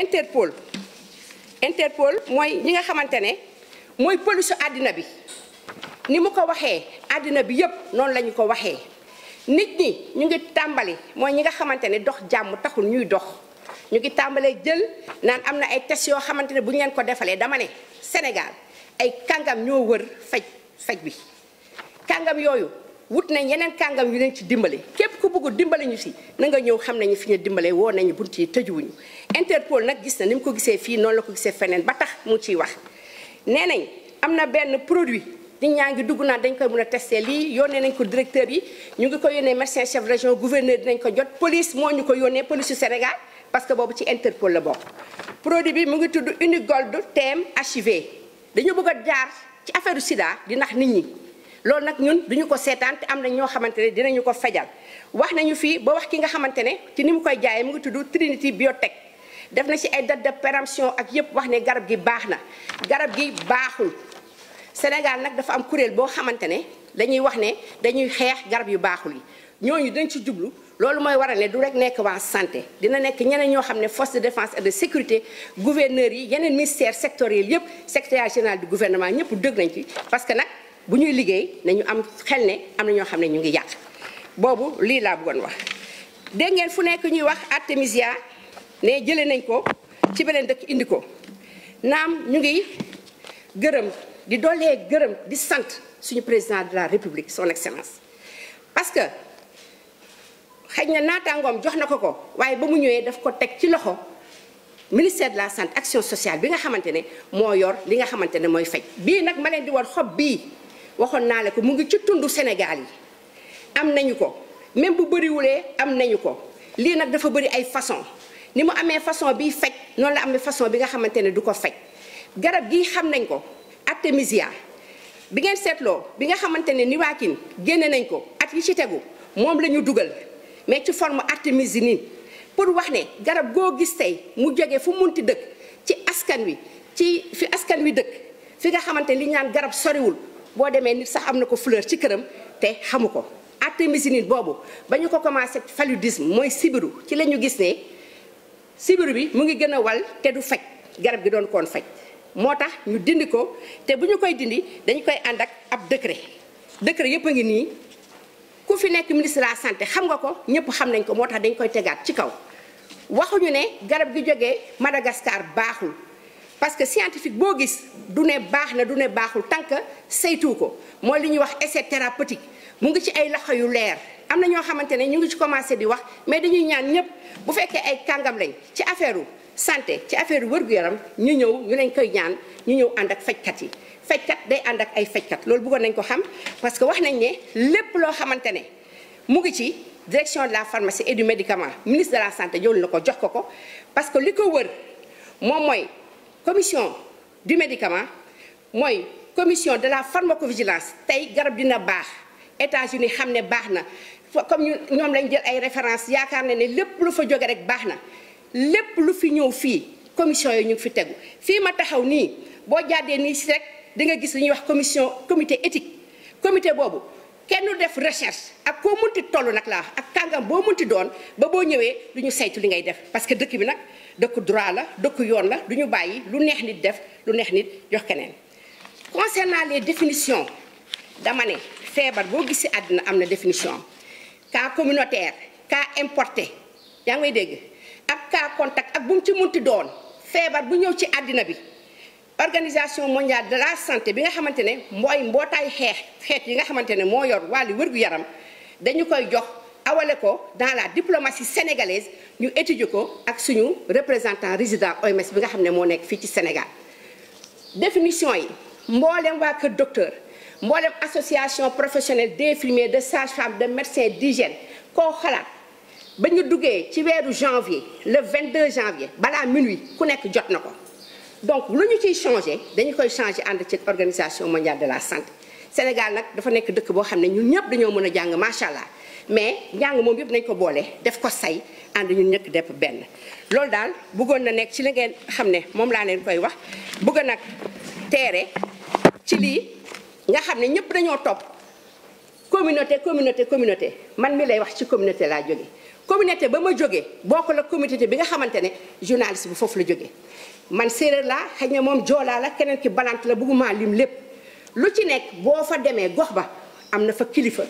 Interpol Interpol mooy ñi nga xamante ne mooy polisu àddina bi ni mu ko waxee àddina bi yëpp noonu lañu ko waxee nit ñi ñu ngi tàmbali mooy ñi nga xamante ne dox jàmm taxul ñuy dox ñu ngi tàmbalee jël naan am na ay test yoo xamante ne bu ñu leen ko defalee dama ne Sénégal ay kàngam ñoo wër faj faj bi kàngam yooyu wut nañ yeneen kàngam yu leen ci dimbale képp ku bëgg dimbali ñu si na nga ñëw xam nañu fi ñu dimbale woo nañu bunt yi tëjuwuñu Interpol nag gis na ni mu ko gisee fii noonu la ko gisee feneen ba tax mu ciy wax nee nañ am na benn produit di ñaa ngi dugg naan dañ koy mën a testé lii yónnee nañ ko directeur yi ñu ngi ko yónnee médecin chef région gouverneur dinañ ko jot police moo ñu ko yónnee police su Sénégal parce que boobu ci Interpol la bokk produit bi mu ngi tudd Unigold TM HIV dañu bëgg a jaar ci affaire sida di nax nit ñi loolu nag ñun duñu ko seetaan te am na ñoo xamante ne dinañu ko fajal wax nañu fii ba wax ki nga xamante ne ci ni mu koy jaayee mu ngi tudd Trinity Biotech def na ci ay date de péremption ak yépp wax ne garab gi baax na garab gi baaxul Sénégal nag dafa am kuréel boo xamante ne dañuy wax ne dañuy xeex garab yu baaxul yi ñooñu dañu ci jublu loolu mooy waral ne du rek nekk waa santé dina nekk ñeneen ñoo xam ne force de défense et de sécurité gouverneurs yi yeneen ministères sectoriels yépp secrétaire général du gouvernement ñëpp dëgg nañ ci parce que nag bu ñuy liggéey nañu am xel ne am na ñoo xam ne ñu ngi yàq boobu lii laa bëggoon wax. dégg ngeen fu nekk ñuy wax artémisia ne jëlee nañ ko ci beneen dëkk indi ko naam ñu ngi gërëm di doolee gërëm di sant suñu président de la république son excellence parce que. xëy na naataangoom jox na ko ko waaye ba mu ñëwee daf ko teg ci loxo ministère de la sant action sociale bi nga xamante ne moo yor li nga xamante ne mooy faj bii nag ma leen di war xob bii waxoon naa la ko mu ngi ci tundu Sénégal yi am nañu ko même bu bëriwulee am nañu ko lii nag dafa bëri ay façon ni mu amee façon bi faj noonu la amee façon bi nga xamante ne du ko faj garab gi xam nañ ko artémisia bi ngeen seetloo bi nga xamante ne niwaakin génne nañ ko at yi ci tegu moom lañu dugal mais ci form yi artémisinine pour wax ne garab goo gis tey mu jóge fu mun munti dëkk ci askan wi ci fi askan wi dëkk fi nga xamante li ñu naan garab soriwul boo demee nit sax am na ko fleur ci këram te xamu ko artémisinine boobu ba ñu ko commencé paludisme mooy sibiru ci lañu gis ne sibiru bi mu ngi gën a wal te du faj garab gi doon koon faj moo tax ñu dindi ko te bu ñu koy dindi dañu koy ànd ak ab décret décret yëpp a ngi nii ku fi nekk ministre de la santé xam nga ko ñëpp xam nañ ko moo tax dañ koy tegaat ci kaw waxuñu ne garab gi jógee Madagascar baaxul parce que scientifique boo gis du ne baax na du ne baaxul tant que saytu ko mooy li ñuy wax essai thérapeutique mu ngi ci ay loxo yu leer am na ñoo xamante ne ñu ngi ci commencé di wax mais dañuy ñaan ñëpp bu fekkee ay kàngam lañ ci affaire santé ci affaire wér-gu-yaram ñu ñëw ñu leen koy ñaan ñu ñëw ànd ak fajkat yi fajkat day ànd ak ay fajkat loolu buggoon nañ ko xam parce que wax nañ ne lépp loo xamante ne mu ngi ci direction de la pharmacie et du médicament ministre la santé jël na ko jox ko ko parce que li ko wër moom mooy commission du médicament mooy commission de la pharmacovigilance tey garab dina baax États-Unis xam ne baax na comme ñu ñoom lañ jël ay référence yaakaar na ne lépp lu fa jóge rek baax na lépp lu fi ñëw fii commission yooyu ñu fi tegu fii ma taxaw nii boo jàddee nii si rek di nga gis li ñuy wax commission comité éthique comité boobu kenn def recherche ak koo munti tollu nag la ak kàngam boo munti doon ba boo ñëwee du ñu saytu li ngay def parce que dëkk bi nag dëkku droit la dëkku yoon la du ñu bàyyi lu neex nit def lu neex nit jox keneen. concernant les définitions dama ne feebar boo gis ci àddina am na définition kaa communautaire kaa importé yaa ngay dégg ak cas contact ak bu mu ci munti doon feebar bu ñëw ci àddina bi. organisation mondiale de la santé bi nga xamante ne mooy mbootaay xeex xeet yi nga xamante ne moo yor wàllu wér-gu-yaram dañu koy jox awale ko dans la diplomatie sénégalaise ñu étudier ko ak suñu représentant résident OMS bi nga xam ne moo nekk fii ci Sénégal définition yi mboolem waa kër docteur mboolem association professionnelle d'infirmiers de sages-femmes de médecins d'hygiène koo xalaat ba ñu duggee ci weeru janvier le 22 janvier balaa minuit ku nekk jot na ko donc lu ñu ciy changé dañu koy changé ànd ci organisation mondiale de la santé Sénégal nag dafa nekk dëkk boo xam ne ñun ñëpp dañoo mën a jàng macha allah mais njàng moom yëpp dañ ko boole def ko say ànd ñun ñëkk depp benn. loolu daal buggoon na nekk ci la ngeen xam ne moom laa leen koy wax bëgg nag teere ci lii nga xam ne ñëpp dañoo topp communauté communauté communauté man mi lay wax ci communauté laa jóge communauté ba ma jógee bokkul ak communauté bi nga xamante ne journaliste bi foofu la jógee man séeréer laa xëy na moom joolaa la keneen ki balant la bëgguma lim lépp lu ci nekk boo fa demee gox ba am na fa kilifa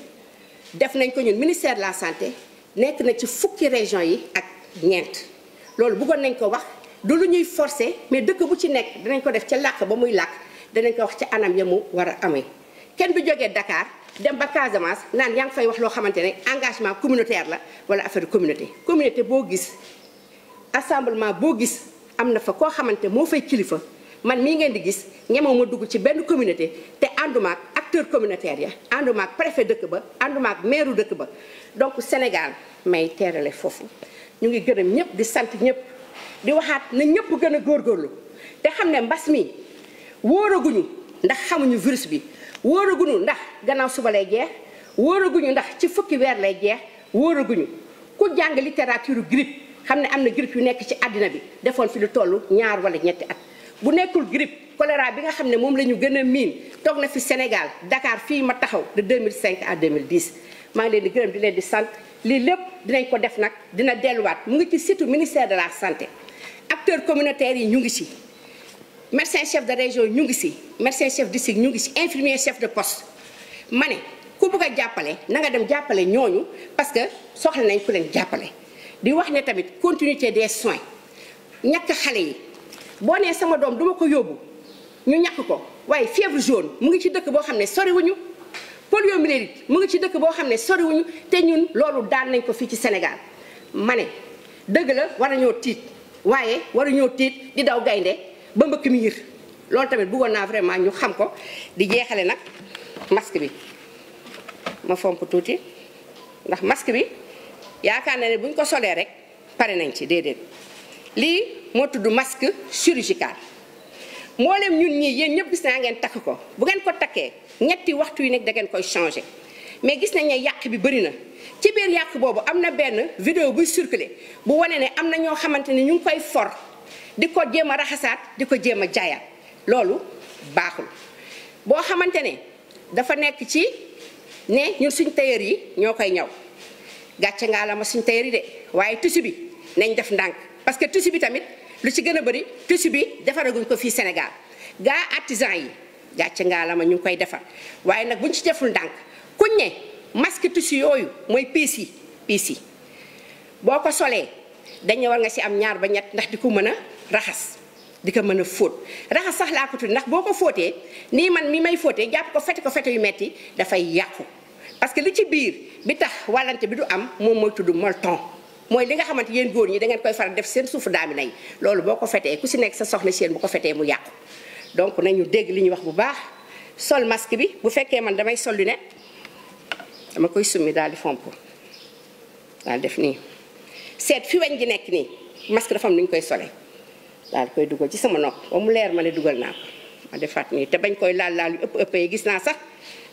def nañ ko ñun ministère de la santé nekk na ci fukki région yi ak ñeent loolu buggoon nañ ko wax du lu ñuy forcé mais dëkk bu ci nekk danañ ko def ca làkk ba muy làkk danañ ko wax ci anam ya mu war a amee kenn du jógee dakaar dem ba Casamance naan yaa ngi fay wax loo xamante ne engagement communautaire la wala affaire communauté communauté boo gis assemblement boo gis am na fa koo xamante moo fay kilifa man mii ngeen di gis ñemoo ma dugg ci benn communauté te ànduma acteur communautaire ya ànduma ak dëkk ba ànduma ak dëkk ba donc Sénégal may teerale foofu ñu ngi gërëm ñëpp di sant ñëpp di waxaat na ñëpp gën a góorgóorlu te xam ne mbas mi wóoraguñu ndax xamuñu virus bi wóoraguñu ndax gannaaw suba lay jeex wóoraguñu ndax ci fukki weer lay jeex wóoraguñu ku jàng littérature grippe xam ne am na grippe yu nekk ci àddina bi defoon fi lu toll ñaar wala ñetti at bu nekkul grippe choléra bi nga xam ne moom la ñu gën a miin toog na fi Sénégal dakaar fii ma taxaw de 2005 à 2010 maa ngi leen di gërëm di leen di sant lii lépp dinañ ko def nag dina delluwaat mu ngi ci surtout ministère de la santé acteur communautaires yi ñu ngi ci médecin chef de région ñu ngi si médecin chef district ñu ngi si infirmier chef de poste ma ne ku bëgg a jàppale nanga dem jàppale ñooñu parce que soxla nañ ku leen jàppale. di wax ne tamit continuité des soins ñàkk xale yi boo nee sama doom duma ko yóbbu ñu ñàkk ko waaye fièvre jaune mu ngi ci dëkk boo xam ne soriwuñu poliomyélite mu ngi ci dëkk boo xam ne soriwuñu te ñun loolu daan nañ ko fii ci Sénégal ma ne dëgg la war a ñoo tiit waaye war a ñoo tiit di daw gaynde ba mbëkk mi loolu tamit bëggoon naa vraiment ñu xam ko di jeexale nag masque bi ma fomp tuuti ndax masque bi yaakaar na ne bu ñu ko solee rek pare nañ ci déedéet lii moo tudd masque chirurgical mboolem ñun ñii yéen ñëpp gis naa ngeen takk ko bu ngeen ko takkee ñetti waxtu yu nekk da ngeen koy changé mais gis nañ ne yàq bi bëri na ci biir yàq boobu am na benn video buy circulé bu wane ne am na ñoo xamante ne ñu ngi koy for di ko jéem a raxasaat di ko jéem a jaayaat loolu baaxul boo xamante ne dafa nekk ci ne ñun suñ tailleur yi ñoo koy ñaw gàcce ngaa la ma suñ tailleur yi de waaye tissu bi nañ def ndànk parce que tissu bi tamit lu ci gën a bari tissu bi defaraguñ ko fii Sénégal gaa artisan yi gàcce ngaa la ma ñu ngi koy defar waaye nag buñ ci deful ndànk kuñ ne masque tissu yooyu mooy piis yi piis yi boo ko solee dañ war nga si am ñaar ba ñett ndax di ko mën a raxas di ko mën a fóot raxas sax laa ko tudd ndax boo ko fóotee nii man mi may fóotee jàpp ko fete ko fete yu metti dafay yàqu parce que li ci biir bi tax wàllante bi du am moom mooy tudd ton mooy li nga xamante yéen góor ñi da ngeen koy faral def seen suufu daami nay loolu boo ko fetee ku si nekk sa soxna seen bu ko fetee mu yàqu donc nañu dégg li ñuy wax bu baax sol masque bi bu fekkee man damay sol lu ne dama koy summi daal di fomp def nii seet fi weñ gi nekk nii masque dafa am nu ñu koy sole daal koy dugal ci sama nopp ba mu leer ma ne dugal naa ko ma defaat nii te bañ koy laal laal yu ëpp ëpp yi gis naa sax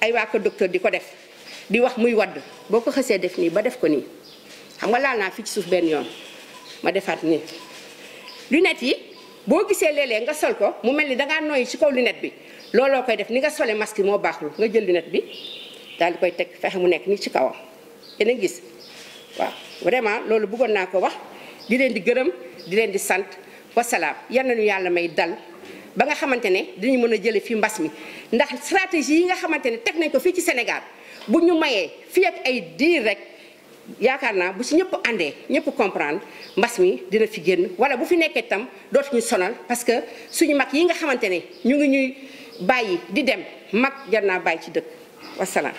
ay waa ko docteur di ko def di wax muy wadd boo ko xësee def nii ba def ko nii xam nga laal naa fii ci suuf benn yoon ma defaat nii lunette yi boo gisee leelee nga sol ko mu mel ni dangaa nooy ci kaw lunette bi looloo koy def ni nga sole maski moo baaxul nga jël lunette bi daal di koy teg fexe mu nekk nii ci kawam yéen gis waaw vraiment loolu bëggoon naa ko wax di leen di gërëm di leen di sant wasalaam yal nañu yàlla may dal ba nga xamante ne dañu mën a jële fi mbas mi ndax stratégie yi nga xamante ne teg nañ ko fii ci Sénégal bu ñu mayee fi ak ay diir rek yaakaar naa bu si ñëpp àndee ñëpp comprendre mbas mi dina fi génn wala bu fi nekkee itam dootuñu sonal parce que suñu mag yi nga xamante ne ñu ngi ñuy bàyyi di dem mag jar naa bàyyi ci dëkk wasalaam